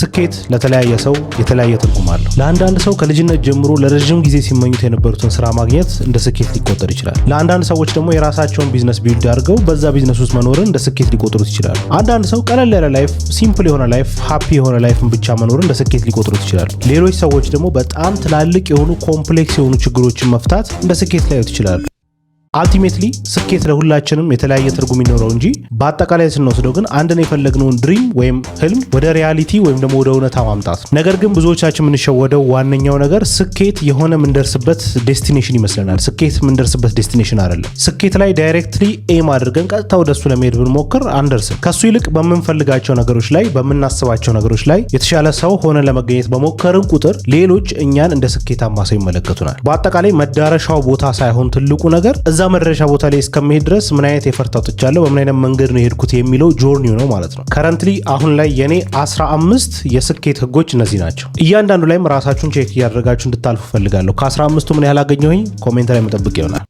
ስኬት ለተለያየ ሰው የተለያየ ትርጉም አለው። ለአንዳንድ ሰው ከልጅነት ጀምሮ ለረዥም ጊዜ ሲመኙት የነበሩትን ስራ ማግኘት እንደ ስኬት ሊቆጠር ይችላል። ለአንዳንድ ሰዎች ደግሞ የራሳቸውን ቢዝነስ ቢልድ አድርገው በዛ ቢዝነስ ውስጥ መኖርን እንደ ስኬት ሊቆጥሩት ይችላሉ። አንዳንድ ሰው ቀለል ያለ ላይፍ፣ ሲምፕል የሆነ ላይፍ፣ ሀፒ የሆነ ላይፍን ብቻ መኖርን እንደ ስኬት ሊቆጥሩት ይችላሉ። ሌሎች ሰዎች ደግሞ በጣም ትላልቅ የሆኑ ኮምፕሌክስ የሆኑ ችግሮችን መፍታት እንደ ስኬት ላዩት ይችላሉ። አልቲሜትሊ ስኬት ለሁላችንም የተለያየ ትርጉም ይኖረው እንጂ በአጠቃላይ ስንወስደው ግን አንድን የፈለግነውን ድሪም ወይም ህልም ወደ ሪያሊቲ ወይም ደግሞ ወደ እውነታ ማምጣት ነገር ግን ብዙዎቻችን የምንሸወደው ዋነኛው ነገር ስኬት የሆነ የምንደርስበት ዴስቲኔሽን ይመስለናል። ስኬት የምንደርስበት ዴስቲኔሽን አይደለም። ስኬት ላይ ዳይሬክትሊ ኤም አድርገን ቀጥታ ወደሱ ለመሄድ ብንሞክር አንደርስም። ከሱ ይልቅ በምንፈልጋቸው ነገሮች ላይ በምናስባቸው ነገሮች ላይ የተሻለ ሰው ሆነን ለመገኘት በሞከርን ቁጥር ሌሎች እኛን እንደ ስኬታማ ሰው ይመለከቱናል። በአጠቃላይ መዳረሻው ቦታ ሳይሆን ትልቁ ነገር እዛ መድረሻ ቦታ ላይ እስከመሄድ ድረስ ምን አይነት የፈርታቶች አለው በምን አይነት መንገድ ነው የሄድኩት የሚለው ጆርኒው ነው ማለት ነው። ከረንትሊ አሁን ላይ የኔ 15 የስኬት ህጎች እነዚህ ናቸው። እያንዳንዱ ላይም ራሳችሁን ቼክ እያደረጋችሁ እንድታልፉ ፈልጋለሁ። ከ15ቱ ምን ያህል አገኘሁኝ ኮሜንት ላይ መጠብቅ ይሆናል።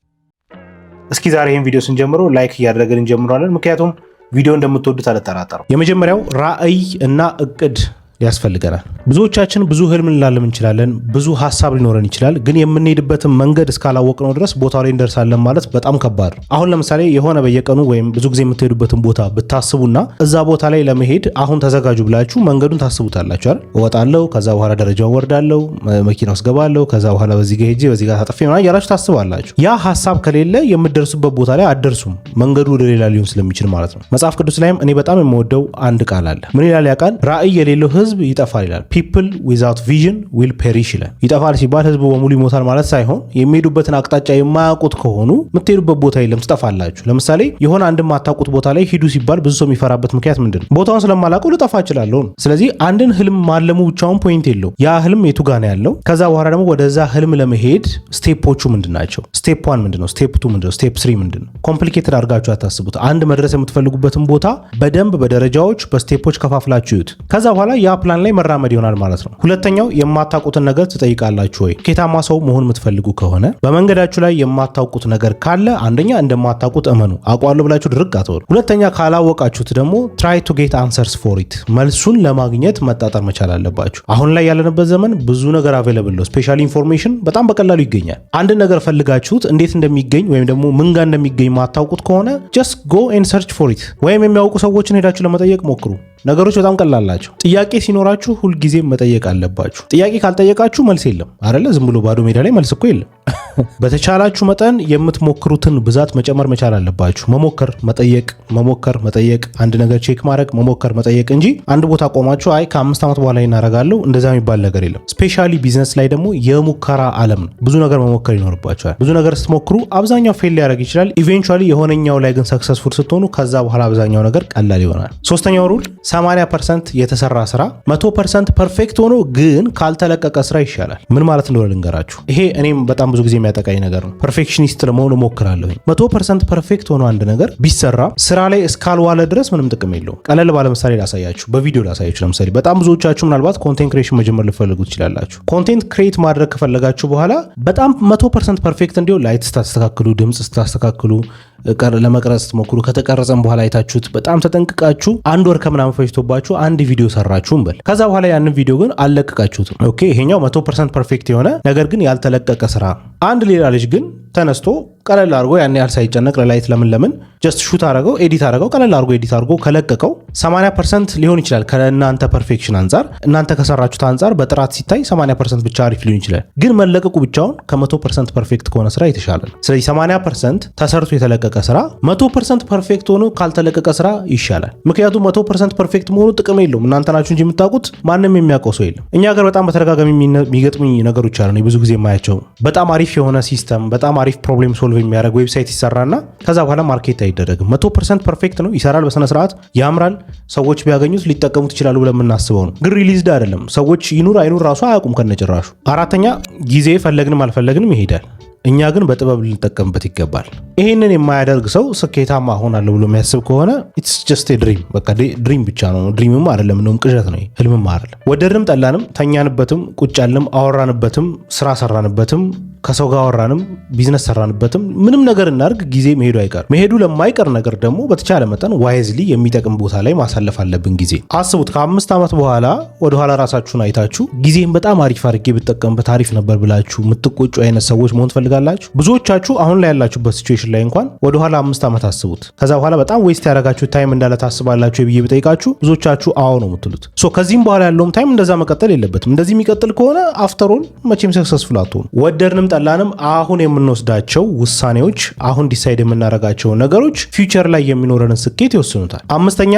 እስኪ ዛሬ ይህን ቪዲዮ ስንጀምረው ላይክ እያደረግን እንጀምረዋለን፣ ምክንያቱም ቪዲዮ እንደምትወዱት አልጠራጠረው። የመጀመሪያው ራዕይ እና እቅድ ያስፈልገናል። ብዙዎቻችን ብዙ ህልም ልናለም እንችላለን፣ ብዙ ሀሳብ ሊኖረን ይችላል። ግን የምንሄድበትን መንገድ እስካላወቅነው ድረስ ቦታው ላይ እንደርሳለን ማለት በጣም ከባድ ነው። አሁን ለምሳሌ የሆነ በየቀኑ ወይም ብዙ ጊዜ የምትሄዱበትን ቦታ ብታስቡና እዛ ቦታ ላይ ለመሄድ አሁን ተዘጋጁ ብላችሁ መንገዱን ታስቡታላችሁ አይደል? እወጣለሁ፣ ከዛ በኋላ ደረጃውን ወርዳለሁ፣ መኪና ውስጥ ገባለሁ፣ ከዛ በኋላ በዚህ ጋር ሄጄ በዚህ ጋር ታጠፌ ምናምን እያላችሁ ታስባላችሁ። ያ ሀሳብ ከሌለ የምትደርሱበት ቦታ ላይ አትደርሱም። መንገዱ ወደ ሌላ ሊሆን ስለሚችል ማለት ነው። መጽሐፍ ቅዱስ ላይም እኔ በጣም የምወደው አንድ ቃል አለ። ምን ይላል ያ ቃል? ራእይ የሌለው ህዝብ ህዝብ ይጠፋል ይላል። ፒፕል ዊዛውት ቪዥን ዊል ፔሪሽ ይላል። ይጠፋል ሲባል ህዝቡ በሙሉ ይሞታል ማለት ሳይሆን የሚሄዱበትን አቅጣጫ የማያውቁት ከሆኑ የምትሄዱበት ቦታ የለም ትጠፋላችሁ። ለምሳሌ የሆነ አንድ የማታውቁት ቦታ ላይ ሂዱ ሲባል ብዙ ሰው የሚፈራበት ምክንያት ምንድን ነው? ቦታውን ስለማላውቀው ልጠፋ እችላለሁ ስለዚህ አንድን ህልም ማለሙ ብቻውን ፖይንት የለው። ያ ህልም የቱ ጋ ነው ያለው? ከዛ በኋላ ደግሞ ወደዛ ህልም ለመሄድ ስቴፖቹ ምንድን ናቸው? ስቴፕ ዋን ምንድን ነው? ስቴፕ ቱ ምንድን ነው? ስቴፕ ስሪ ምንድን ነው? ኮምፕሊኬትድ አድርጋችሁ አታስቡት። አንድ መድረስ የምትፈልጉበትን ቦታ በደንብ በደረጃዎች በስቴፖች ከፋፍላችሁ ይዩት። ከዛ በኋላ ያ ፕላን ላይ መራመድ ይሆናል ማለት ነው። ሁለተኛው የማታውቁትን ነገር ትጠይቃላችሁ ወይ? ኬታማ ሰው መሆን የምትፈልጉ ከሆነ በመንገዳችሁ ላይ የማታውቁት ነገር ካለ አንደኛ እንደማታውቁት እመኑ። አውቀዋለሁ ብላችሁ ድርቅ አትበሉ። ሁለተኛ ካላወቃችሁት ደግሞ ትራይ ቱ ጌት አንሰርስ ፎር ኢት፣ መልሱን ለማግኘት መጣጠር መቻል አለባችሁ። አሁን ላይ ያለንበት ዘመን ብዙ ነገር አቬለብል ነው። ስፔሻል ኢንፎርሜሽን በጣም በቀላሉ ይገኛል። አንድ ነገር ፈልጋችሁት እንዴት እንደሚገኝ ወይም ደግሞ ምን ጋር እንደሚገኝ ማታውቁት ከሆነ ጀስት ጎ ኤንድ ሰርች ፎር ኢት ወይም የሚያውቁ ሰዎችን ሄዳችሁ ለመጠየቅ ሞክሩ። ነገሮች በጣም ቀላል ጥያቄ ሲኖራችሁ ሁልጊዜም መጠየቅ አለባችሁ። ጥያቄ ካልጠየቃችሁ መልስ የለም አይደለ? ዝም ብሎ ባዶ ሜዳ ላይ መልስ እኮ የለም። በተቻላችሁ መጠን የምትሞክሩትን ብዛት መጨመር መቻል አለባችሁ። መሞከር፣ መጠየቅ፣ መሞከር፣ መጠየቅ፣ አንድ ነገር ቼክ ማድረግ፣ መሞከር፣ መጠየቅ እንጂ አንድ ቦታ ቆማችሁ አይ ከአምስት ዓመት በኋላ ይናረጋለሁ እንደዛ የሚባል ነገር የለም። ስፔሻሊ ቢዝነስ ላይ ደግሞ የሙከራ ዓለም ነው። ብዙ ነገር መሞከር ይኖርባቸዋል። ብዙ ነገር ስትሞክሩ አብዛኛው ፌል ሊያደርግ ይችላል። ኢቬንቹዋሊ የሆነኛው ላይ ግን ሰክሰስፉል ስትሆኑ ከዛ በኋላ አብዛኛው ነገር ቀላል ይሆናል። ሶስተኛው ሩል 80 ፐርሰንት የተሰራ ስራ መቶ ፐርሰንት ፐርፌክት ሆኖ ግን ካልተለቀቀ ስራ ይሻላል። ምን ማለት እንደሆነ ልንገራችሁ። ይሄ እኔም በጣም ብዙ ጊዜ የሚያጠቃኝ ነገር ነው። ፐርፌክሽኒስት ለመሆን እሞክራለሁኝ። መቶ ፐርሰንት ፐርፌክት ሆኖ አንድ ነገር ቢሰራ ስራ ላይ እስካልዋለ ድረስ ምንም ጥቅም የለውም። ቀለል ባለምሳሌ ላሳያችሁ፣ በቪዲዮ ላሳያችሁ። ለምሳሌ በጣም ብዙዎቻችሁ ምናልባት ኮንቴንት ክሬሽን መጀመር ልፈልጉ ትችላላችሁ። ኮንቴንት ክሬት ማድረግ ከፈለጋችሁ በኋላ በጣም መቶ ፐርሰንት ፐርፌክት እንዲሆን ላይት ስታስተካክሉ፣ ድምፅ ስታስተካክሉ ለመቅረጽ ስትሞክሩ ከተቀረጸም በኋላ አይታችሁት በጣም ተጠንቅቃችሁ አንድ ወር ከምናምን ፈጅቶባችሁ አንድ ቪዲዮ ሰራችሁ እንበል። ከዛ በኋላ ያንን ቪዲዮ ግን አልለቀቃችሁትም። ኦኬ ይሄኛው መቶ ፐርሰንት ፐርፌክት የሆነ ነገር ግን ያልተለቀቀ ስራ አንድ ሌላ ልጅ ግን ተነስቶ ቀለል አድርጎ ያን ያህል ሳይጨነቅ ለላይት ለምን ለምን ጀስት ሹት አድርገው ኤዲት አድርገው ቀለል አድርጎ ኤዲት አድርጎ ከለቀቀው 80 ፐርሰንት ሊሆን ይችላል። ከእናንተ ፐርፌክሽን አንጻር እናንተ ከሰራችሁት አንጻር በጥራት ሲታይ 80 ፐርሰንት ብቻ አሪፍ ሊሆን ይችላል። ግን መለቀቁ ብቻውን ከ100 ፐርሰንት ፐርፌክት ከሆነ ስራ የተሻለ ነው። ስለዚህ 80 ፐርሰንት ተሰርቶ የተለቀቀ ስራ 100 ፐርሰንት ፐርፌክት ሆኖ ካልተለቀቀ ስራ ይሻላል። ምክንያቱም 100 ፐርሰንት ፐርፌክት መሆኑ ጥቅም የለውም። እናንተ ናችሁ እንጂ የምታውቁት ማንም የሚያውቀው ሰው የለም። እኛ ሀገር በጣም በተደጋጋሚ የሚገጥሙኝ ነገሮች አሉ። ብዙ ጊዜ የማያቸው በጣም አሪፍ አሪፍ የሆነ ሲስተም በጣም አሪፍ ፕሮብሌም ሶልቭ የሚያደርግ ዌብሳይት ይሰራና ከዛ በኋላ ማርኬት አይደረግም። መቶ ፐርሰንት ፐርፌክት ነው፣ ይሰራል፣ በስነ ስርዓት ያምራል፣ ሰዎች ቢያገኙት ሊጠቀሙት ይችላሉ ብለን የምናስበው ነው። ግን ሪሊዝድ አይደለም። ሰዎች ይኑር አይኑር ራሱ አያውቁም ከነጭራሹ። አራተኛ ጊዜ ፈለግንም አልፈለግንም ይሄዳል። እኛ ግን በጥበብ ልንጠቀምበት ይገባል። ይህንን የማያደርግ ሰው ስኬታማ ሆናለሁ ብሎ የሚያስብ ከሆነ ኢትስ ጀስት ድሪም በቃ ድሪም ብቻ ነው። ድሪምም አይደለም እንደውም ቅዠት ነው፣ ህልምም አይደለም። ወደድንም ጠላንም ተኛንበትም፣ ቁጫልም፣ አወራንበትም፣ ስራ ሰራንበትም ከሰው ጋር አወራንም ቢዝነስ ሰራንበትም ምንም ነገር እናርግ ጊዜ መሄዱ አይቀር። መሄዱ ለማይቀር ነገር ደግሞ በተቻለ መጠን ዋይዝሊ የሚጠቅም ቦታ ላይ ማሳለፍ አለብን። ጊዜ አስቡት፣ ከአምስት ዓመት በኋላ ወደኋላ ራሳችሁን አይታችሁ ጊዜም በጣም አሪፍ አድርጌ ብጠቀምበት አሪፍ ነበር ብላችሁ የምትቆጩ አይነት ሰዎች መሆን ትፈልጋላችሁ? ብዙዎቻችሁ አሁን ላይ ያላችሁበት ሲቹዌሽን ላይ እንኳን ወደኋላ አምስት ዓመት አስቡት። ከዛ በኋላ በጣም ዌስት ያደረጋችሁ ታይም እንዳለ ታስባላችሁ ብዬ ብጠይቃችሁ ብዙዎቻችሁ አዎ ነው የምትሉት። ሶ ከዚህም በኋላ ያለውም ታይም እንደዛ መቀጠል የለበትም። እንደዚህ የሚቀጥል ከሆነ አፍተሮል መቼም ሰክሰስፉል አትሆኑ ወደድንም ጠላንም አሁን የምንወስዳቸው ውሳኔዎች፣ አሁን ዲሳይድ የምናደርጋቸው ነገሮች ፊውቸር ላይ የሚኖረንን ስኬት ይወስኑታል። አምስተኛ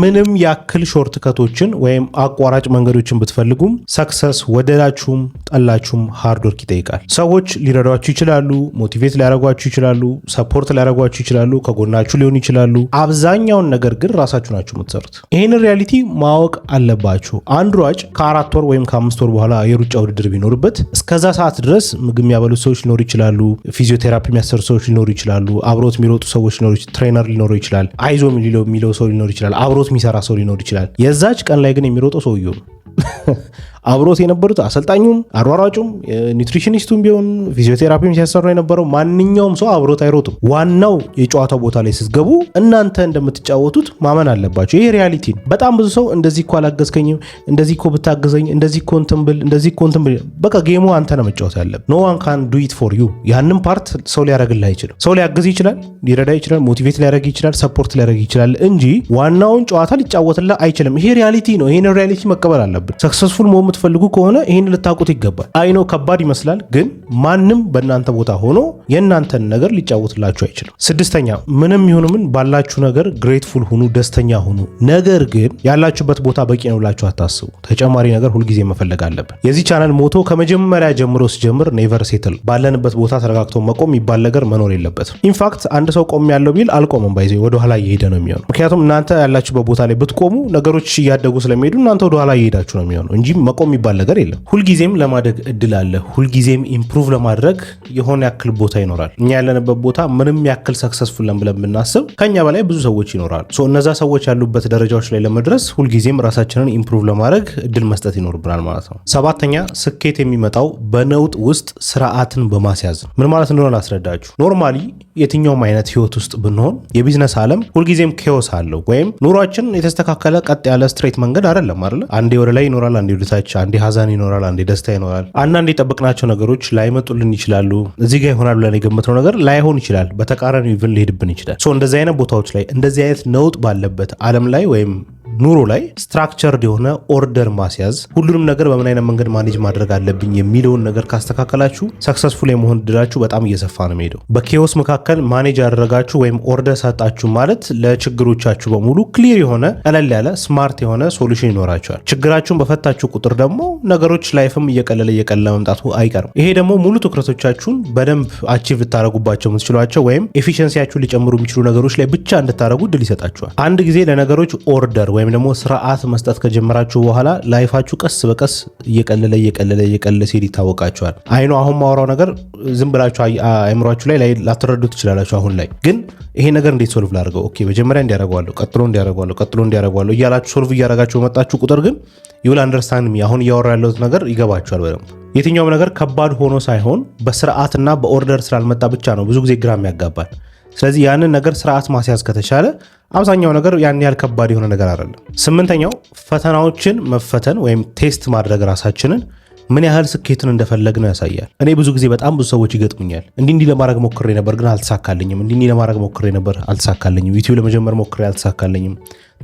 ምንም ያክል ሾርት ከቶችን ወይም አቋራጭ መንገዶችን ብትፈልጉም ሰክሰስ ወደዳችሁም ጠላችሁም ሃርድወርክ ይጠይቃል። ሰዎች ሊረዷችሁ ይችላሉ፣ ሞቲቬት ሊያደርጓችሁ ይችላሉ፣ ሰፖርት ሊያደርጓችሁ ይችላሉ፣ ከጎናችሁ ሊሆኑ ይችላሉ። አብዛኛውን ነገር ግን ራሳችሁ ናችሁ የምትሰሩት። ይህንን ሪያሊቲ ማወቅ አለባችሁ። አንድ ሯጭ ከአራት ወር ወይም ከአምስት ወር በኋላ የሩጫ ውድድር ቢኖርበት እስከዛ ሰዓት ድረስ ምግብ የሚያበሉት ሰዎች ሊኖሩ ይችላሉ። ፊዚዮቴራፒ የሚያሰሩ ሰዎች ሊኖሩ ይችላሉ። አብሮት የሚሮጡ ሰዎች ሊኖሩ ትሬነር ሊኖሩ ይችላል። አይዞ የሚለው ሰው ሊኖር ይችላል። አብሮት የሚሰራ ሰው ሊኖር ይችላል። የዛች ቀን ላይ ግን የሚሮጠው ሰውየው ነው። አብሮት የነበሩት አሰልጣኙም፣ አሯሯጩም፣ ኒትሪሽኒስቱም ቢሆን ፊዚዮቴራፒም ሲያሰሩ የነበረው ማንኛውም ሰው አብሮት አይሮጡም። ዋናው የጨዋታው ቦታ ላይ ስትገቡ እናንተ እንደምትጫወቱት ማመን አለባቸው። ይሄ ሪያሊቲ ነው። በጣም ብዙ ሰው እንደዚህ እኮ አላገዝከኝም፣ እንደዚህ እኮ ብታገዘኝ፣ እንደዚህ እኮ እንትን ብል፣ እንደዚህ እኮ እንትን ብል። በቃ ጌሙ አንተ ነው መጫወት ያለብህ። ኖ ዋን ካን ዱ ኢት ፎር ዩ። ያንን ፓርት ሰው ሊያደርግልህ አይችልም። ሰው ሊያግዝ ይችላል፣ ሊረዳ ይችላል፣ ሞቲቬት ሊያደርግ ይችላል፣ ሰፖርት ሊያደርግ ይችላል እንጂ ዋናውን ጨዋታ ሊጫወትልህ አይችልም። ይሄ ሪያሊቲ ነው። ይሄን ሪያሊቲ መቀበል አለብን። ሰክሰስፉል መሆን የምትፈልጉ ከሆነ ይህን ልታውቁት ይገባል። አይኖ ከባድ ይመስላል፣ ግን ማንም በእናንተ ቦታ ሆኖ የእናንተን ነገር ሊጫወትላችሁ አይችልም። ስድስተኛ ምንም ይሁን ምን ባላችሁ ነገር ግሬትፉል ሁኑ፣ ደስተኛ ሁኑ። ነገር ግን ያላችሁበት ቦታ በቂ ነው ብላችሁ አታስቡ። ተጨማሪ ነገር ሁልጊዜ መፈለግ አለብን። የዚህ ቻናል ሞቶ ከመጀመሪያ ጀምሮ ስጀምር ኔቨር ሴትል፣ ባለንበት ቦታ ተረጋግቶ መቆም የሚባል ነገር መኖር የለበትም። ኢንፋክት አንድ ሰው ቆም ያለው ቢል አልቆምም ባይዘ ወደኋላ እየሄደ ነው የሚሆነው። ምክንያቱም እናንተ ያላችሁበት ቦታ ላይ ብትቆሙ ነገሮች እያደጉ ስለሚሄዱ እናንተ ወደኋላ እየሄዳችሁ ነው የሚሆነው እንጂ መቆ ቆም የሚባል ነገር የለም። ሁልጊዜም ለማደግ እድል አለ። ሁልጊዜም ኢምፕሩቭ ለማድረግ የሆነ ያክል ቦታ ይኖራል። እኛ ያለንበት ቦታ ምንም ያክል ሰክሰስፉል ለን ብለን ብናስብ ከኛ በላይ ብዙ ሰዎች ይኖራሉ። እነዛ ሰዎች ያሉበት ደረጃዎች ላይ ለመድረስ ሁልጊዜም ራሳችንን ኢምፕሩቭ ለማድረግ እድል መስጠት ይኖርብናል ማለት ነው። ሰባተኛ ስኬት የሚመጣው በነውጥ ውስጥ ስርዓትን በማስያዝ ነው። ምን ማለት እንደሆነ ላስረዳችሁ። ኖርማሊ የትኛውም አይነት ህይወት ውስጥ ብንሆን የቢዝነስ ዓለም ሁልጊዜም ኬዎስ አለው። ወይም ኑሯችን የተስተካከለ ቀጥ ያለ ስትሬት መንገድ አይደለም አለ አንዴ ወደ ላይ ይኖራል፣ አንዴ ወደታች አንዴ ሀዘን ይኖራል፣ አንዴ ደስታ ይኖራል። አንዳንድ የጠበቅናቸው ነገሮች ላይመጡልን ይችላሉ። እዚህ ጋር ይሆናል ብለን የገመትነው ነገር ላይሆን ይችላል። በተቃራኒ ኢቭን ሊሄድብን ይችላል። እንደዚህ አይነት ቦታዎች ላይ እንደዚህ አይነት ነውጥ ባለበት አለም ላይ ወይም ኑሮ ላይ ስትራክቸርድ የሆነ ኦርደር ማስያዝ፣ ሁሉንም ነገር በምን አይነት መንገድ ማኔጅ ማድረግ አለብኝ የሚለውን ነገር ካስተካከላችሁ ሰክሰስፉል የመሆን እድላችሁ በጣም እየሰፋ ነው የሚሄደው። በኬዎስ መካከል ማኔጅ ያደረጋችሁ ወይም ኦርደር ሰጣችሁ ማለት ለችግሮቻችሁ በሙሉ ክሊር የሆነ ቀለል ያለ ስማርት የሆነ ሶሉሽን ይኖራቸዋል። ችግራችሁን በፈታችሁ ቁጥር ደግሞ ነገሮች ላይፍም እየቀለለ እየቀለለ መምጣቱ አይቀርም። ይሄ ደግሞ ሙሉ ትኩረቶቻችሁን በደንብ አቺቭ ልታደረጉባቸው የምትችሏቸው ወይም ኤፊሽንሲያችሁን ሊጨምሩ የሚችሉ ነገሮች ላይ ብቻ እንድታደረጉ እድል ይሰጣችኋል። አንድ ጊዜ ለነገሮች ኦርደር ወይም ወይም ደግሞ ስርዓት መስጠት ከጀመራችሁ በኋላ ላይፋችሁ ቀስ በቀስ እየቀለለ እየቀለለ እየቀለለ ሲሄድ ይታወቃችኋል። አይኖ አሁን ማውራው ነገር ዝም ብላችሁ አይምሯችሁ ላይ ላትረዱ ትችላላችሁ። አሁን ላይ ግን ይሄ ነገር እንዴት ሶልቭ ላድርገው? ኦኬ መጀመሪያ እንዲያደርገዋለሁ፣ ቀጥሎ እንዲያደርገዋለሁ፣ ቀጥሎ እንዲያደርገዋለሁ እያላችሁ ሶልቭ እያደረጋችሁ በመጣችሁ ቁጥር ግን ይውል አንደርስታንድ ሚ አሁን እያወራ ያለሁት ነገር ይገባችኋል በደንብ። የትኛውም ነገር ከባድ ሆኖ ሳይሆን በስርዓትና በኦርደር ስላልመጣ ብቻ ነው ብዙ ጊዜ ግራ ያጋባል። ስለዚህ ያንን ነገር ስርዓት ማስያዝ ከተቻለ አብዛኛው ነገር ያን ያህል ከባድ የሆነ ነገር አይደለም። ስምንተኛው ፈተናዎችን መፈተን ወይም ቴስት ማድረግ ራሳችንን ምን ያህል ስኬትን እንደፈለግ ነው ያሳያል። እኔ ብዙ ጊዜ በጣም ብዙ ሰዎች ይገጥሙኛል። እንዲ እንዲህ ለማድረግ ሞክሬ ነበር ግን አልተሳካልኝም፣ እንዲ እንዲህ ለማድረግ ሞክሬ ነበር አልተሳካልኝም፣ ዩቲዩብ ለመጀመር ሞክሬ አልተሳካልኝም፣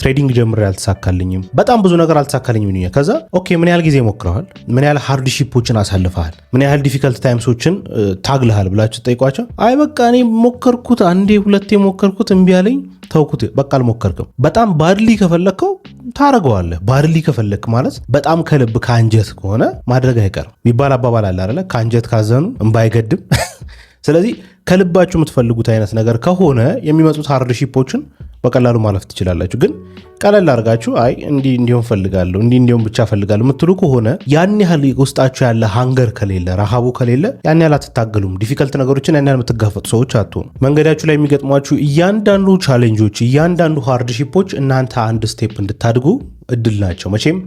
ትሬዲንግ ጀምሬ አልተሳካልኝም፣ በጣም ብዙ ነገር አልተሳካልኝም ይሉኛል። ከዛ ኦኬ ምን ያህል ጊዜ ሞክረዋል፣ ምን ያህል ሃርድሺፖችን አሳልፈሃል፣ ምን ያህል ዲፊከልት ታይምሶችን ታግልሃል ብላችሁ ጠይቋቸው። አይ በቃ እኔ ሞከርኩት፣ አንዴ ሁለቴ ሞከርኩት፣ እምቢ አለኝ፣ ተውኩት፣ በቃ አልሞከርክም። በጣም ባድሊ ከፈለግከው ታረገዋለህ። ባድሊ ከፈለግክ ማለት በጣም ከልብ ከአንጀት ከሆነ ማድረግ አይቀርም ይባል አባባል አለ አይደለ? ከአንጀት ካዘኑ እምባ አይገድም። ስለዚህ ከልባችሁ የምትፈልጉት አይነት ነገር ከሆነ የሚመጡት ሃርድ በቀላሉ ማለፍ ትችላላችሁ። ግን ቀለል አድርጋችሁ አይ እንዲህ እንዲሆን ፈልጋለሁ እንዲህ እንዲሆን ብቻ ፈልጋለሁ የምትሉ ከሆነ ያን ያህል ውስጣችሁ ያለ ሃንገር ከሌለ ረሃቡ ከሌለ ያን ያህል አትታገሉም። ዲፊከልት ነገሮችን ያን ያህል የምትጋፈጡ ሰዎች አትሆኑ። መንገዳችሁ ላይ የሚገጥሟችሁ እያንዳንዱ ቻሌንጆች፣ እያንዳንዱ ሃርድሺፖች እናንተ አንድ ስቴፕ እንድታድጉ እድል ናቸው። መቼም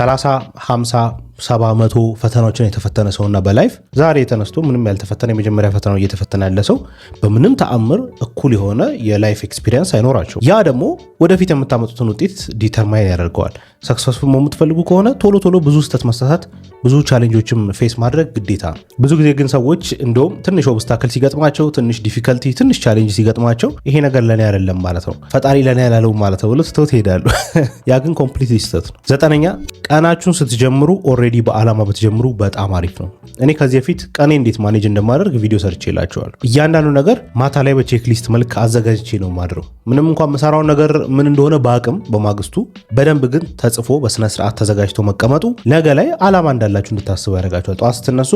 30 50 ሰባ መቶ ፈተናዎችን የተፈተነ ሰውና በላይፍ ዛሬ ተነስቶ ምንም ያልተፈተነ የመጀመሪያ ፈተናው እየተፈተነ ያለ ሰው በምንም ተአምር እኩል የሆነ የላይፍ ኤክስፒሪየንስ አይኖራቸው። ያ ደግሞ ወደፊት የምታመጡትን ውጤት ዲተርማይን ያደርገዋል። ሰክሰስፉል የምትፈልጉ ከሆነ ቶሎ ቶሎ ብዙ ስህተት መሳሳት፣ ብዙ ቻሌንጆችም ፌስ ማድረግ ግዴታ ነው። ብዙ ጊዜ ግን ሰዎች እንደውም ትንሽ ኦብስታክል ሲገጥማቸው፣ ትንሽ ዲፊከልቲ፣ ትንሽ ቻሌንጅ ሲገጥማቸው ይሄ ነገር ለእኔ አይደለም ማለት ነው ፈጣሪ ለእኔ ያላለው ማለት ነው ብለው ትተው ይሄዳሉ። ያ ግን ኮምፕሊት ስህተት ነው። ዘጠነኛ ቀናችሁን ስትጀምሩ ኦልሬዲ ኦልሬዲ በዓላማ ብትጀምሩ በጣም አሪፍ ነው። እኔ ከዚህ በፊት ቀኔ እንዴት ማኔጅ እንደማደርግ ቪዲዮ ሰርቼላችኋል። እያንዳንዱ ነገር ማታ ላይ በቼክሊስት መልክ አዘጋጅቼ ነው ማድረው። ምንም እንኳን መሰራውን ነገር ምን እንደሆነ በአቅም በማግስቱ በደንብ ግን ተጽፎ በስነስርዓት ተዘጋጅቶ መቀመጡ ነገ ላይ ዓላማ እንዳላችሁ እንድታስቡ ያደርጋችኋል። ጠዋት ስትነሱ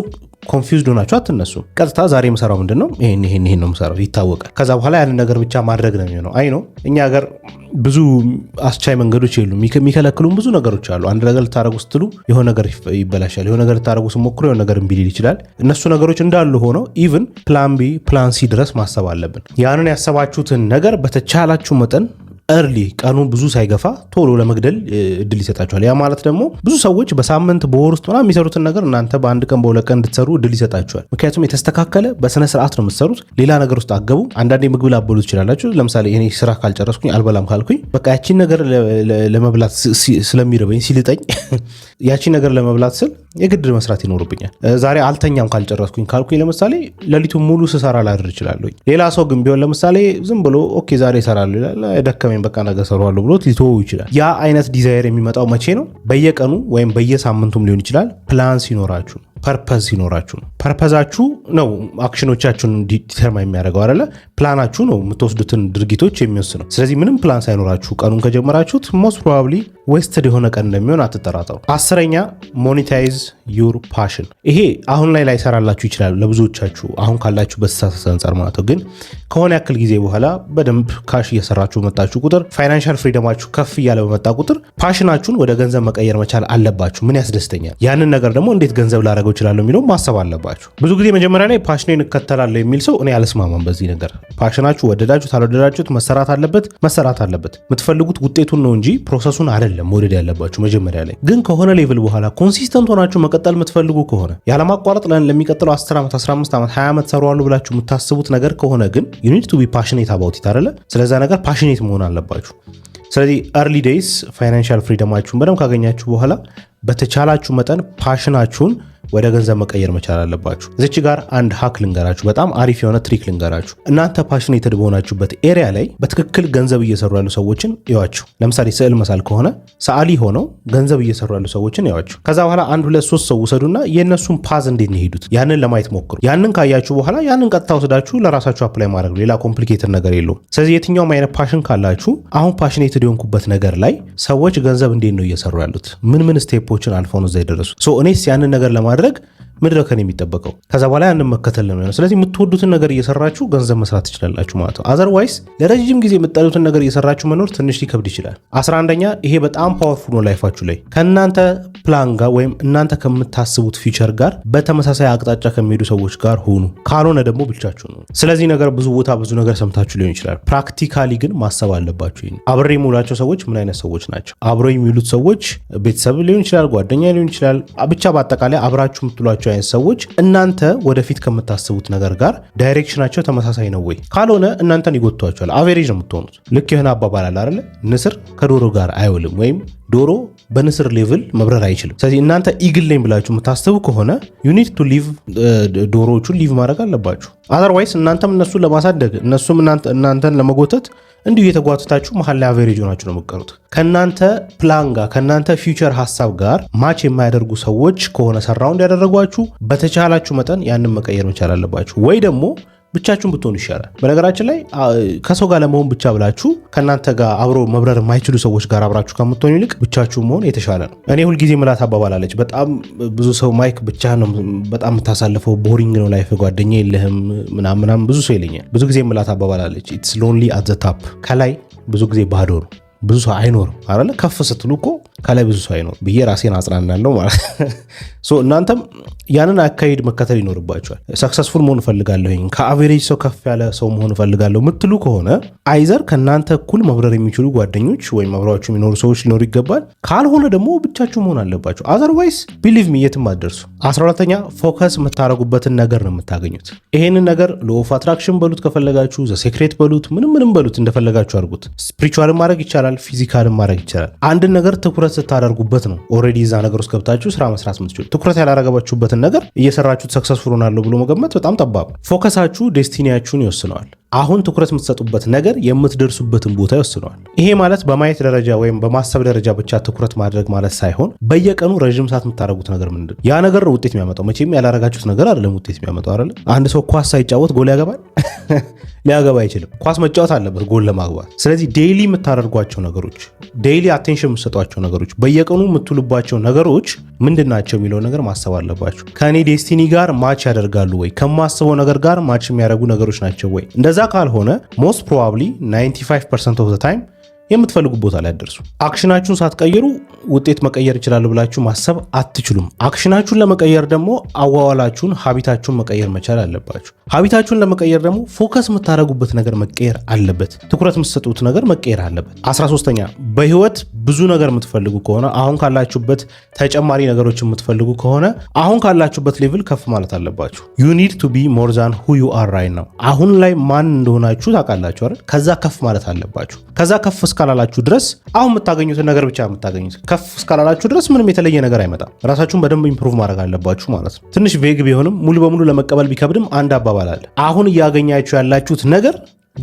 ኮንፊውዝድ ሆናችሁ አትነሱም። ቀጥታ ዛሬ የምሰራው ምንድን ነው? ነው የምሰራው ይታወቃል። ከዛ በኋላ ያንን ነገር ብቻ ማድረግ ነው የሚሆነው። አይ ነው እኛ ሀገር ብዙ አስቻይ መንገዶች የሉ የሚከለክሉም ብዙ ነገሮች አሉ። አንድ ነገር ልታደረጉ ስትሉ የሆነ ነገር ይበላሻል። የሆነ ነገር ልታደርጉ ስሞክሩ የሆነ ነገር እምቢ ሊል ይችላል። እነሱ ነገሮች እንዳሉ ሆነው ኢቭን ፕላን ቢ ፕላን ሲ ድረስ ማሰብ አለብን። ያንን ያሰባችሁትን ነገር በተቻላችሁ መጠን እርሊ ቀኑን ብዙ ሳይገፋ ቶሎ ለመግደል እድል ይሰጣቸዋል። ያ ማለት ደግሞ ብዙ ሰዎች በሳምንት በወር ውስጥ ምናምን የሚሰሩትን ነገር እናንተ በአንድ ቀን በሁለት ቀን እንድትሰሩ እድል ይሰጣቸዋል። ምክንያቱም የተስተካከለ በስነ ስርዓት ነው የምትሰሩት። ሌላ ነገር ውስጥ አገቡ። አንዳንዴ ምግብ ላበሉ ትችላላችሁ። ለምሳሌ እኔ ስራ ካልጨረስኩኝ አልበላም ካልኩኝ በቃ ያቺን ነገር ለመብላት ስለሚርበኝ ሲልጠኝ ያቺን ነገር ለመብላት ስል የግድ መስራት ይኖርብኛል። ዛሬ አልተኛም ካልጨረስኩኝ ካልኩኝ ለምሳሌ ለሊቱ ሙሉ ስሰራ ላድር እችላለሁ። ሌላ ሰው ግን ቢሆን ለምሳሌ ዝም ብሎ ኦኬ ዛሬ እሰራለሁ ይላል። ደከመኝ በቃ ነገ ሰሯዋለሁ ብሎ ሊተወው ይችላል። ያ አይነት ዲዛይር የሚመጣው መቼ ነው? በየቀኑ ወይም በየሳምንቱም ሊሆን ይችላል። ፕላን ሲኖራችሁ ፐርፐዝ ሲኖራችሁ ነው። ፐርፐዛችሁ ነው አክሽኖቻችሁን ዲተርማ የሚያደርገው አለ። ፕላናችሁ ነው የምትወስዱትን ድርጊቶች የሚወስነው። ስለዚህ ምንም ፕላን ሳይኖራችሁ ቀኑን ከጀመራችሁት ሞስት ፕሮባብሊ ዌስትድ የሆነ ቀን እንደሚሆን አትጠራጠሩ። አስረኛ ሞኔታይዝ ዩር ፓሽን። ይሄ አሁን ላይ ላይሰራላችሁ ይችላል ለብዙዎቻችሁ አሁን ካላችሁ በተሳሳሰ አንጻር ማለት ነው። ግን ከሆነ ያክል ጊዜ በኋላ በደንብ ካሽ እየሰራችሁ በመጣችሁ ቁጥር ፋይናንሻል ፍሪደማችሁ ከፍ እያለ በመጣ ቁጥር ፓሽናችሁን ወደ ገንዘብ መቀየር መቻል አለባችሁ። ምን ያስደስተኛል፣ ያንን ነገር ደግሞ እንዴት ገንዘብ ላደረገው ይችላለሁ የሚለው ማሰብ አለባችሁ። ብዙ ጊዜ መጀመሪያ ላይ ፓሽኔን እከተላለሁ የሚል ሰው እኔ አልስማማም በዚህ ነገር። ፓሽናችሁ ወደዳችሁት አልወደዳችሁት መሰራት አለበት መሰራት አለበት። የምትፈልጉት ውጤቱን ነው እንጂ ፕሮሰሱን አይደለም። አይደለም መውደድ ያለባችሁ መጀመሪያ ላይ። ግን ከሆነ ሌቭል በኋላ ኮንሲስተንት ሆናችሁ መቀጠል የምትፈልጉ ከሆነ ያለማቋረጥ ለሚቀጥለው 10 ዓመት፣ 15 ዓመት፣ 20 ዓመት ሰሯዋለሁ ብላችሁ የምታስቡት ነገር ከሆነ ግን ዩ ኒድ ቱ ቢ ፓሽኔት አባውት ኢት አይደለ? ስለዛ ነገር ፓሽኔት መሆን አለባችሁ። ስለዚህ ኤርሊ ዴይስ ፋይናንሻል ፍሪደማችሁን በደንብ ካገኛችሁ በኋላ በተቻላችሁ መጠን ፓሽናችሁን ወደ ገንዘብ መቀየር መቻል አለባችሁ። እዚች ጋር አንድ ሀክ ልንገራችሁ፣ በጣም አሪፍ የሆነ ትሪክ ልንገራችሁ። እናንተ ፓሽኔትድ በሆናችሁበት ኤሪያ ላይ በትክክል ገንዘብ እየሰሩ ያሉ ሰዎችን እዩዋችሁ። ለምሳሌ ስዕል መሳል ከሆነ ሰዓሊ ሆነው ገንዘብ እየሰሩ ያሉ ሰዎችን እዩዋችሁ። ከዛ በኋላ አንድ ሁለት ሶስት ሰው ውሰዱና የእነሱን ፓዝ እንዴት ነው የሄዱት ያንን ለማየት ሞክሩ። ያንን ካያችሁ በኋላ ያንን ቀጥታ ወስዳችሁ ለራሳችሁ አፕላይ ማድረግ ሌላ ኮምፕሊኬትድ ነገር የለውም። ስለዚህ የትኛውም አይነት ፓሽን ካላችሁ አሁን ፓሽኔትድ የሆንኩበት ነገር ላይ ሰዎች ገንዘብ እንዴት ነው እየሰሩ ያሉት፣ ምን ምን ስቴፖችን አልፈው ነው እዛ የደረሱ እኔስ ያንን ነገር ለማ ለማድረግ ምንድነው የሚጠበቀው? ከዛ በኋላ ያንን መከተል ነው የሚሆነው። ስለዚህ የምትወዱትን ነገር እየሰራችሁ ገንዘብ መስራት ትችላላችሁ ማለት ነው። አዘርዋይስ ለረዥም ጊዜ የምጠሉትን ነገር እየሰራችሁ መኖር ትንሽ ሊከብድ ይችላል። አስራ አንደኛ ይሄ በጣም ፓወርፉል ነው ላይፋችሁ ላይ ከእናንተ ፕላን ጋር ወይም እናንተ ከምታስቡት ፊቸር ጋር በተመሳሳይ አቅጣጫ ከሚሄዱ ሰዎች ጋር ሆኑ። ካልሆነ ደግሞ ብቻችሁ ነው። ስለዚህ ነገር ብዙ ቦታ ብዙ ነገር ሰምታችሁ ሊሆን ይችላል። ፕራክቲካሊ ግን ማሰብ አለባችሁ። አብሬ የሚውላቸው ሰዎች ምን አይነት ሰዎች ናቸው? አብሮ የሚውሉት ሰዎች ቤተሰብ ሊሆን ይችላል፣ ጓደኛ ሊሆን ይችላል። ብቻ በአጠቃላይ አብራችሁ የምትሏቸው አይነት ሰዎች እናንተ ወደፊት ከምታስቡት ነገር ጋር ዳይሬክሽናቸው ተመሳሳይ ነው ወይ? ካልሆነ እናንተን ይጎቷቸዋል። አቬሬጅ ነው የምትሆኑት። ልክ የሆነ አባባል አለ አይደለ? ንስር ከዶሮ ጋር አይውልም ወይም ዶሮ በንስር ሌቭል መብረር አይችልም። ስለዚህ እናንተ ኢግል ነኝ ብላችሁ የምታስቡ ከሆነ ዩኒት ቱ ሊቭ ዶሮዎቹን ሊቭ ማድረግ አለባችሁ። አዘርዋይስ እናንተም እነሱን ለማሳደግ እነሱም እናንተን ለመጎተት እንዲሁ የተጓተታችሁ መሀል ላይ አቬሬጅ ሆናችሁ ነው የምትቀሩት። ከእናንተ ፕላን ጋር ከእናንተ ፊውቸር ሀሳብ ጋር ማች የማያደርጉ ሰዎች ከሆነ ሰራውንድ ያደረጓችሁ፣ በተቻላችሁ መጠን ያንን መቀየር መቻል አለባችሁ ወይ ደግሞ ብቻችሁን ብትሆኑ ይሻላል። በነገራችን ላይ ከሰው ጋር ለመሆን ብቻ ብላችሁ ከእናንተ ጋር አብሮ መብረር የማይችሉ ሰዎች ጋር አብራችሁ ከምትሆኑ ይልቅ ብቻችሁ መሆን የተሻለ ነው። እኔ ሁልጊዜ ምላት አባባላለች በጣም ብዙ ሰው ማይክ ብቻ ነው በጣም የምታሳልፈው ቦሪንግ ነው ላይፍ፣ ጓደኛ የለህም ምናምናም ብዙ ሰው ይለኛል። ብዙ ጊዜ ምላት አባባላለች ኢትስ ሎንሊ አት ዘ ታፕ ከላይ ብዙ ጊዜ ባዶ ነው፣ ብዙ ሰው አይኖርም አለ ከፍ ስትሉ እኮ ከላይ ብዙ ሰው አይኖር ብዬ ራሴን አጽናናለው ማለት እናንተም ያንን አካሄድ መከተል ይኖርባቸዋል። ሰክሰስፉል መሆን እፈልጋለሁኝ፣ ከአቬሬጅ ሰው ከፍ ያለ ሰው መሆን እፈልጋለሁ ምትሉ ከሆነ አይዘር ከእናንተ እኩል መብረር የሚችሉ ጓደኞች ወይም መብራዎች የሚኖሩ ሰዎች ሊኖሩ ይገባል። ካልሆነ ደግሞ ብቻችሁ መሆን አለባቸው። አዘርዋይስ ቢሊቭ ሚ የትም አትደርሱ። 14ተኛ ፎከስ የምታደረጉበትን ነገር ነው የምታገኙት። ይሄንን ነገር ለኦፍ አትራክሽን በሉት ከፈለጋችሁ፣ ዘሴክሬት በሉት፣ ምንም ምንም በሉት እንደፈለጋችሁ አድርጉት። ስፕሪቹዋልን ማድረግ ይቻላል፣ ፊዚካልን ማድረግ ይቻላል። አንድን ነገር ትኩረት ትኩረት ስታደርጉበት ነው ኦልሬዲ እዛ ነገር ውስጥ ገብታችሁ ስራ መስራት ምትችሉ። ትኩረት ያላረገባችሁበትን ነገር እየሰራችሁት ሰክሰስፉል ሆናለሁ ብሎ መገመት በጣም ጠባብ። ፎከሳችሁ ዴስቲኒያችሁን ይወስነዋል። አሁን ትኩረት የምትሰጡበት ነገር የምትደርሱበትን ቦታ ይወስነዋል። ይሄ ማለት በማየት ደረጃ ወይም በማሰብ ደረጃ ብቻ ትኩረት ማድረግ ማለት ሳይሆን በየቀኑ ረዥም ሰዓት የምታደርጉት ነገር ምንድን ያ ነገር ውጤት የሚያመጣው መቼም ያላረጋችሁት ነገር አይደለም ውጤት የሚያመጣው አይደለም። አንድ ሰው ኳስ ሳይጫወት ጎል ያገባል? ሊያገባ አይችልም። ኳስ መጫወት አለበት ጎል ለማግባት። ስለዚህ ዴይሊ የምታደርጓቸው ነገሮች፣ ዴይሊ አቴንሽን የምትሰጧቸው ነገሮች፣ በየቀኑ የምትውሉባቸው ነገሮች ምንድን ናቸው የሚለውን ነገር ማሰብ አለባቸው። ከእኔ ዴስቲኒ ጋር ማች ያደርጋሉ ወይ? ከማስበው ነገር ጋር ማች የሚያደርጉ ነገሮች ናቸው ወይ? እንደዛ ካልሆነ ሞስት ፕሮባብሊ 95 ፐርሰንት ኦፍ ዘ ታይም የምትፈልጉ ቦታ ላይ አደርሱ። አክሽናችሁን ሳትቀይሩ ውጤት መቀየር ይችላሉ ብላችሁ ማሰብ አትችሉም። አክሽናችሁን ለመቀየር ደግሞ አዋዋላችሁን፣ ሀቢታችሁን መቀየር መቻል አለባችሁ። ሀቢታችሁን ለመቀየር ደግሞ ፎከስ የምታደርጉበት ነገር መቀየር አለበት። ትኩረት የምትሰጡት ነገር መቀየር አለበት። 13ኛ በህይወት ብዙ ነገር የምትፈልጉ ከሆነ አሁን ካላችሁበት ተጨማሪ ነገሮች የምትፈልጉ ከሆነ አሁን ካላችሁበት ሌቭል ከፍ ማለት አለባችሁ። ዩ ኒድ ቱ ቢ ሞር ዛን ሁ ዩ አር ራይት ነው። አሁን ላይ ማን እንደሆናችሁ ታውቃላችሁ አይደል? ከዛ ከፍ ማለት አለባችሁ። ከዛ ከፍ እስከ እስካላላችሁ ድረስ አሁን የምታገኙትን ነገር ብቻ የምታገኙት። ከፍ እስካላላችሁ ድረስ ምንም የተለየ ነገር አይመጣም። ራሳችሁን በደንብ ኢምፕሩቭ ማድረግ አለባችሁ ማለት ነው። ትንሽ ቬግ ቢሆንም ሙሉ በሙሉ ለመቀበል ቢከብድም አንድ አባባል አለ። አሁን እያገኛችሁ ያላችሁት ነገር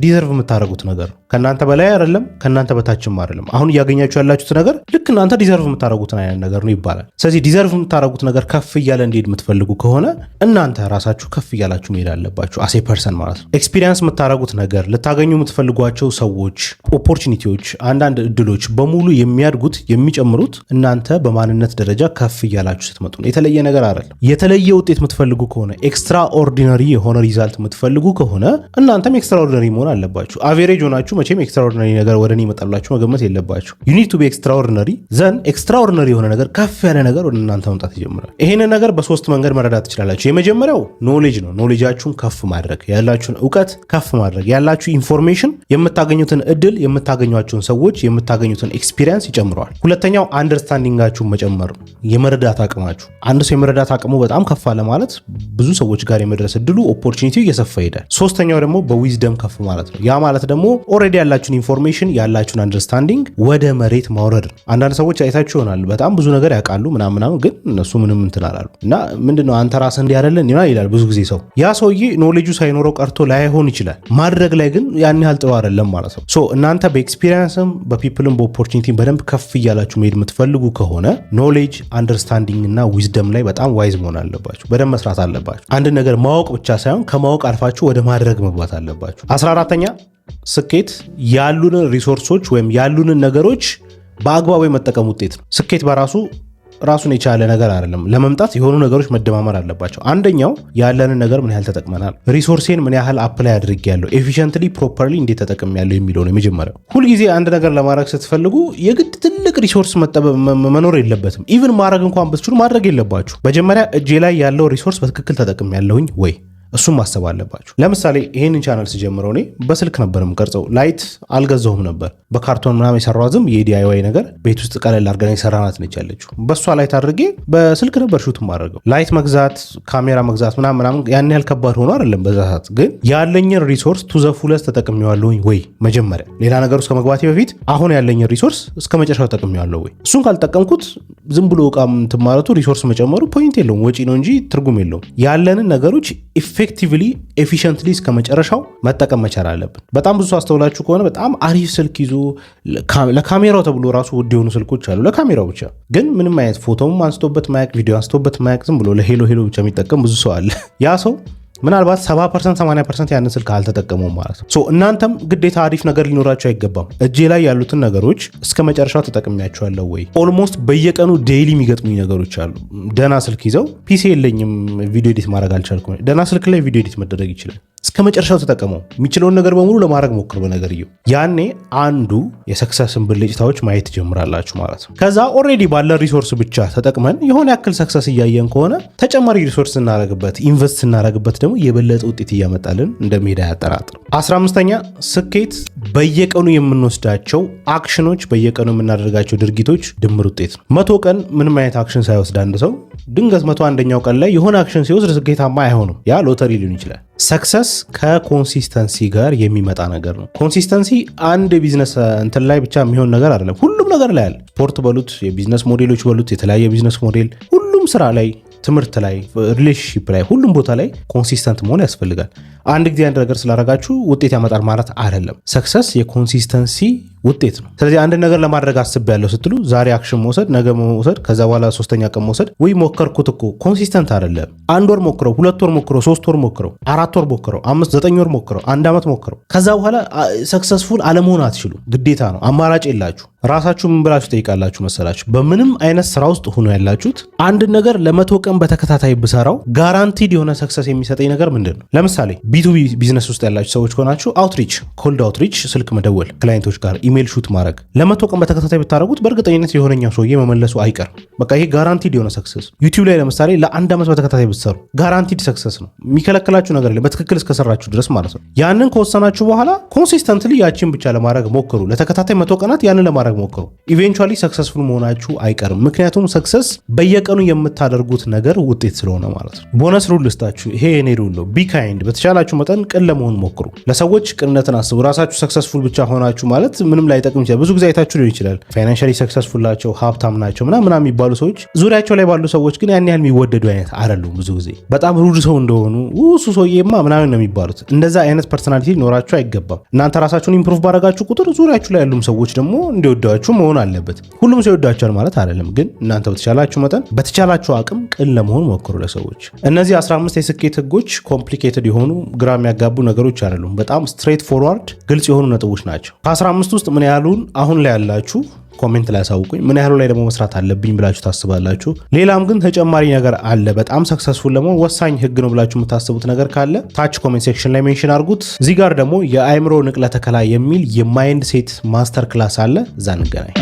ዲዘርቭ የምታደርጉት ነገር ከእናንተ በላይ አይደለም፣ ከእናንተ በታችም አይደለም። አሁን እያገኛችሁ ያላችሁት ነገር ልክ እናንተ ዲዘርቭ የምታደረጉትን አይነት ነገር ነው ይባላል። ስለዚህ ዲዘርቭ የምታደረጉት ነገር ከፍ እያለ እንዲሄድ የምትፈልጉ ከሆነ እናንተ ራሳችሁ ከፍ እያላችሁ መሄድ አለባችሁ። አሴ ፐርሰን ማለት ነው። ኤክስፒሪየንስ የምታደረጉት ነገር፣ ልታገኙ የምትፈልጓቸው ሰዎች፣ ኦፖርቹኒቲዎች፣ አንዳንድ እድሎች በሙሉ የሚያድጉት የሚጨምሩት እናንተ በማንነት ደረጃ ከፍ እያላችሁ ስትመጡ ነው። የተለየ ነገር አይደለም። የተለየ ውጤት የምትፈልጉ ከሆነ ኤክስትራ ኦርዲነሪ የሆነ ሪዛልት የምትፈልጉ ከሆነ እናንተም ኤክስትራ ኦርዲነሪ መሆን አለባችሁ። አቬሬጅ ሆናችሁ መቼም ኤክስትራኦርዲናሪ ነገር ወደ እኔ ይመጣላችሁ መገመት የለባችሁ። ዩኒቱ ቱ ኤክስትራኦርዲናሪ ዘን ኤክስትራኦርዲናሪ የሆነ ነገር ከፍ ያለ ነገር ወደ እናንተ መምጣት ይጀምራል። ይሄንን ነገር በሶስት መንገድ መረዳት ትችላላችሁ። የመጀመሪያው ኖሌጅ ነው። ኖሌጃችሁን ከፍ ማድረግ፣ ያላችሁን እውቀት ከፍ ማድረግ፣ ያላችሁ ኢንፎርሜሽን፣ የምታገኙትን እድል፣ የምታገኟቸውን ሰዎች፣ የምታገኙትን ኤክስፒሪየንስ ይጨምረዋል። ሁለተኛው አንደርስታንዲንጋችሁን መጨመር ነው፣ የመረዳት አቅማችሁ። አንድ ሰው የመረዳት አቅሙ በጣም ከፍ አለ ማለት ብዙ ሰዎች ጋር የመድረስ እድሉ ኦፖርቹኒቲው እየሰፋ ይሄዳል። ሶስተኛው ደግሞ በዊዝደም ከፍ ማለት ነው። ያ ማለት ደግሞ ኦልሬዲ ኦልሬዲ ያላችሁን ኢንፎርሜሽን ያላችሁን አንደርስታንዲንግ ወደ መሬት ማውረድ ነው። አንዳንድ ሰዎች አይታችሁ ይሆናል በጣም ብዙ ነገር ያውቃሉ ምናምናም፣ ግን እነሱ ምንም እንትን አላሉ እና ምንድነው አንተ ራስህ እንዲህ ይሆናል ይላል ብዙ ጊዜ ሰው። ያ ሰውዬ ኖሌጁ ሳይኖረው ቀርቶ ላይሆን ይችላል፣ ማድረግ ላይ ግን ያን ያህል ጥሩ አይደለም ማለት ነው። ሶ እናንተ በኤክስፒሪየንስም በፒፕልም በኦፖርቹኒቲ በደንብ ከፍ እያላችሁ መሄድ የምትፈልጉ ከሆነ ኖሌጅ አንደርስታንዲንግ እና ዊዝደም ላይ በጣም ዋይዝ መሆን አለባችሁ። በደንብ መስራት አለባችሁ። አንድ ነገር ማወቅ ብቻ ሳይሆን ከማወቅ አልፋችሁ ወደ ማድረግ መግባት አለባችሁ። አስራ አራተኛ ስኬት ያሉንን ሪሶርሶች ወይም ያሉንን ነገሮች በአግባቡ የመጠቀም ውጤት ነው። ስኬት በራሱ ራሱን የቻለ ነገር አይደለም። ለመምጣት የሆኑ ነገሮች መደማመር አለባቸው። አንደኛው ያለንን ነገር ምን ያህል ተጠቅመናል፣ ሪሶርሴን ምን ያህል አፕላይ አድርጌያለሁ፣ ኤፊሸንትሊ ፕሮፐርሊ እንዴት ያለው የሚለው ነው የመጀመሪያው። ሁልጊዜ አንድ ነገር ለማድረግ ስትፈልጉ የግድ ትልቅ ሪሶርስ መኖር የለበትም። ኢቭን ማድረግ እንኳን ብትችሉ ማድረግ የለባችሁ። መጀመሪያ እጄ ላይ ያለው ሪሶርስ በትክክል ተጠቅሜያለሁኝ ወይ እሱም ማሰብ አለባችሁ። ለምሳሌ ይህንን ቻናል ስጀምረው እኔ በስልክ ነበር የምቀርጸው። ላይት አልገዛሁም ነበር። በካርቶን ምናምን የሰራዋትም የዲይዋይ ነገር ቤት ውስጥ ቀለል አድርገን የሰራናት ነች ያለችው። በእሷ ላይት አድርጌ በስልክ ነበር ሹት ማድረገው። ላይት መግዛት፣ ካሜራ መግዛት ምናምን ምናምን ያን ያህል ከባድ ሆኖ አይደለም በዛ ሰዓት። ግን ያለኝን ሪሶርስ ለስ ተጠቅሜዋለሁኝ ወይ መጀመሪያ ሌላ ነገር እስከ መግባቴ በፊት አሁን ያለኝን ሪሶርስ እስከ መጨረሻው ተጠቅሜዋለሁ ወይ? እሱን ካልጠቀምኩት ዝም ብሎ እቃ እንትን ማለቱ ሪሶርስ መጨመሩ ፖይንት የለውም፣ ወጪ ነው እንጂ ትርጉም የለውም። ያለንን ነገሮች ኢፌክቲቭሊ ኤፊሽንትሊ እስከ መጨረሻው መጠቀም መቻል አለብን። በጣም ብዙ አስተውላችሁ ከሆነ በጣም አሪፍ ስልክ ይዞ ለካሜራው ተብሎ ራሱ ውድ የሆኑ ስልኮች አሉ። ለካሜራው ብቻ ግን ምንም አይነት ፎቶም አንስቶበት ማያቅ፣ ቪዲዮ አንስቶበት ማያቅ፣ ዝም ብሎ ለሄሎ ሄሎ ብቻ የሚጠቀም ብዙ ሰው አለ። ያ ሰው ምናልባት 70 80 ያንን ስልክ አልተጠቀሙም ማለት ነው። እናንተም ግዴታ አሪፍ ነገር ሊኖራቸው አይገባም። እጄ ላይ ያሉትን ነገሮች እስከ መጨረሻው ተጠቅሚያቸዋለሁ ወይ? ኦልሞስት በየቀኑ ዴይሊ የሚገጥሙኝ ነገሮች አሉ። ደና ስልክ ይዘው ፒሲ የለኝም ቪዲዮ ኤዲት ማድረግ አልቻልኩም። ደና ስልክ ላይ ቪዲዮ ኤዲት መደረግ ይችላል። እስከ መጨረሻው ተጠቀመው። የሚችለውን ነገር በሙሉ ለማድረግ ሞክር በነገርየው። ያኔ አንዱ የሰክሰስን ብልጭታዎች ማየት ትጀምራላችሁ ማለት ነው። ከዛ ኦልሬዲ ባለ ሪሶርስ ብቻ ተጠቅመን የሆነ ያክል ሰክሰስ እያየን ከሆነ ተጨማሪ ሪሶርስ ስናረግበት፣ ኢንቨስት ስናረግበት ደግሞ የበለጠ ውጤት እያመጣልን እንደሚሄድ አያጠራጥርም። አስራ አምስተኛ ስኬት በየቀኑ የምንወስዳቸው አክሽኖች፣ በየቀኑ የምናደርጋቸው ድርጊቶች ድምር ውጤት ነው። መቶ ቀን ምንም አይነት አክሽን ሳይወስድ አንድ ሰው ድንገት መቶ አንደኛው ቀን ላይ የሆነ አክሽን ሲወስድ ስኬታማ አይሆንም። ያ ሎተሪ ሊሆን ይችላል ሰክሰስ ከኮንሲስተንሲ ጋር የሚመጣ ነገር ነው። ኮንሲስተንሲ አንድ የቢዝነስ እንትን ላይ ብቻ የሚሆን ነገር አይደለም። ሁሉም ነገር ላይ ያለ ስፖርት በሉት የቢዝነስ ሞዴሎች በሉት የተለያየ ቢዝነስ ሞዴል ሁሉም ስራ ላይ ትምህርት ላይ ሪሌሽንሽፕ ላይ ሁሉም ቦታ ላይ ኮንሲስተንት መሆን ያስፈልጋል። አንድ ጊዜ አንድ ነገር ስላረጋችሁ ውጤት ያመጣል ማለት አይደለም። ሰክሰስ የኮንሲስተንሲ ውጤት ነው። ስለዚህ አንድ ነገር ለማድረግ አስብ ያለው ስትሉ ዛሬ አክሽን መውሰድ፣ ነገ መውሰድ፣ ከዛ በኋላ ሶስተኛ ቀን መውሰድ ወይ ሞከርኩት እኮ ኮንሲስተንት አይደለም። አንድ ወር ሞክረው፣ ሁለት ወር ሞክረው፣ ሶስት ወር ሞክረው፣ አራት ወር ሞክረው፣ አምስት ዘጠኝ ወር ሞክረው፣ አንድ ዓመት ሞክረው፣ ከዛ በኋላ ሰክሰስፉል አለመሆን አትችሉ። ግዴታ ነው። አማራጭ የላችሁ። ራሳችሁ ምን ብላችሁ ጠይቃላችሁ መሰላችሁ? በምንም አይነት ስራ ውስጥ ሆኖ ያላችሁት አንድ ነገር ለመቶ ቀን በተከታታይ ብሰራው ጋራንቲድ የሆነ ሰክሰስ የሚሰጠኝ ነገር ምንድን ነው? ለምሳሌ ቢቱቢ ቢዝነስ ውስጥ ያላችሁ ሰዎች ከሆናችሁ አውትሪች፣ ኮልድ አውትሪች፣ ስልክ መደወል ክላይንቶች ጋር ኢሜል ሹት ማድረግ ለመቶ ቀን በተከታታይ ብታደረጉት በእርግጠኝነት የሆነኛው ሰውዬ መመለሱ አይቀርም። በቃ ይሄ ጋራንቲድ የሆነ ሰክሰስ። ዩቲዩብ ላይ ለምሳሌ ለአንድ ዓመት በተከታታይ ብትሰሩ ጋራንቲድ ሰክሰስ ነው። የሚከለክላችሁ ነገር የለም፣ በትክክል እስከሰራችሁ ድረስ ማለት ነው። ያንን ከወሰናችሁ በኋላ ኮንሲስተንትሊ ያችን ብቻ ለማድረግ ሞክሩ። ለተከታታይ መቶ ቀናት ያንን ለማድረግ ሞክሩ። ኢቬንቹዋሊ ሰክሰስፉል መሆናችሁ አይቀርም። ምክንያቱም ሰክሰስ በየቀኑ የምታደርጉት ነገር ውጤት ስለሆነ ማለት ነው። ቦነስ ሩል ልስጣችሁ። ይሄ የኔ ሩል ነው። ቢካይንድ በተቻላችሁ መጠን ቅን ለመሆን ሞክሩ። ለሰዎች ቅንነትን አስቡ። ራሳችሁ ሰክሰስፉል ብቻ ሆናችሁ ማለት ምንም ላይጠቅም ይችላል። ብዙ ጊዜ አይታችሁ ሊሆን ይችላል ፋይናንሻሊ ሰክሰስፉል ናቸው ሀብታም ናቸው ምና ምና የሚባሉ ሰዎች ዙሪያቸው ላይ ባሉ ሰዎች ግን ያን ያህል የሚወደዱ አይነት አይደሉም። ብዙ ጊዜ በጣም ሩድ ሰው እንደሆኑ እሱ ሰውዬማ ምናምን ነው የሚባሉት። እንደዛ አይነት ፐርሰናሊቲ ሊኖራችሁ አይገባም። እናንተ ራሳችሁን ኢምፕሩቭ ባረጋችሁ ቁጥር ዙሪያችሁ ላይ ያሉም ሰዎች ደግሞ እንዲወዳችሁ መሆን አለበት። ሁሉም ሰው ይወዳቸዋል ማለት አይደለም፣ ግን እናንተ በተቻላችሁ መጠን በተቻላችሁ አቅም ቅን ለመሆን ሞክሩ ለሰዎች። እነዚህ 15 የስኬት ህጎች ኮምፕሊኬትድ የሆኑ ግራ የሚያጋቡ ነገሮች አይደሉም። በጣም ስትሬት ፎርዋርድ ግልጽ የሆኑ ነጥቦች ናቸው። ከ15 ውስጥ ምን ያህሉን አሁን ላይ ያላችሁ ኮሜንት ላይ ያሳውቁኝ። ምን ያህሉ ላይ ደግሞ መስራት አለብኝ ብላችሁ ታስባላችሁ? ሌላም ግን ተጨማሪ ነገር አለ በጣም ሰክሰስፉል ለመሆን ወሳኝ ህግ ነው ብላችሁ የምታስቡት ነገር ካለ ታች ኮሜንት ሴክሽን ላይ ሜንሽን አድርጉት። እዚህ ጋር ደግሞ የአእምሮ ንቅለ ተከላ የሚል የማይንድ ሴት ማስተር ክላስ አለ። እዛ እንገናኝ።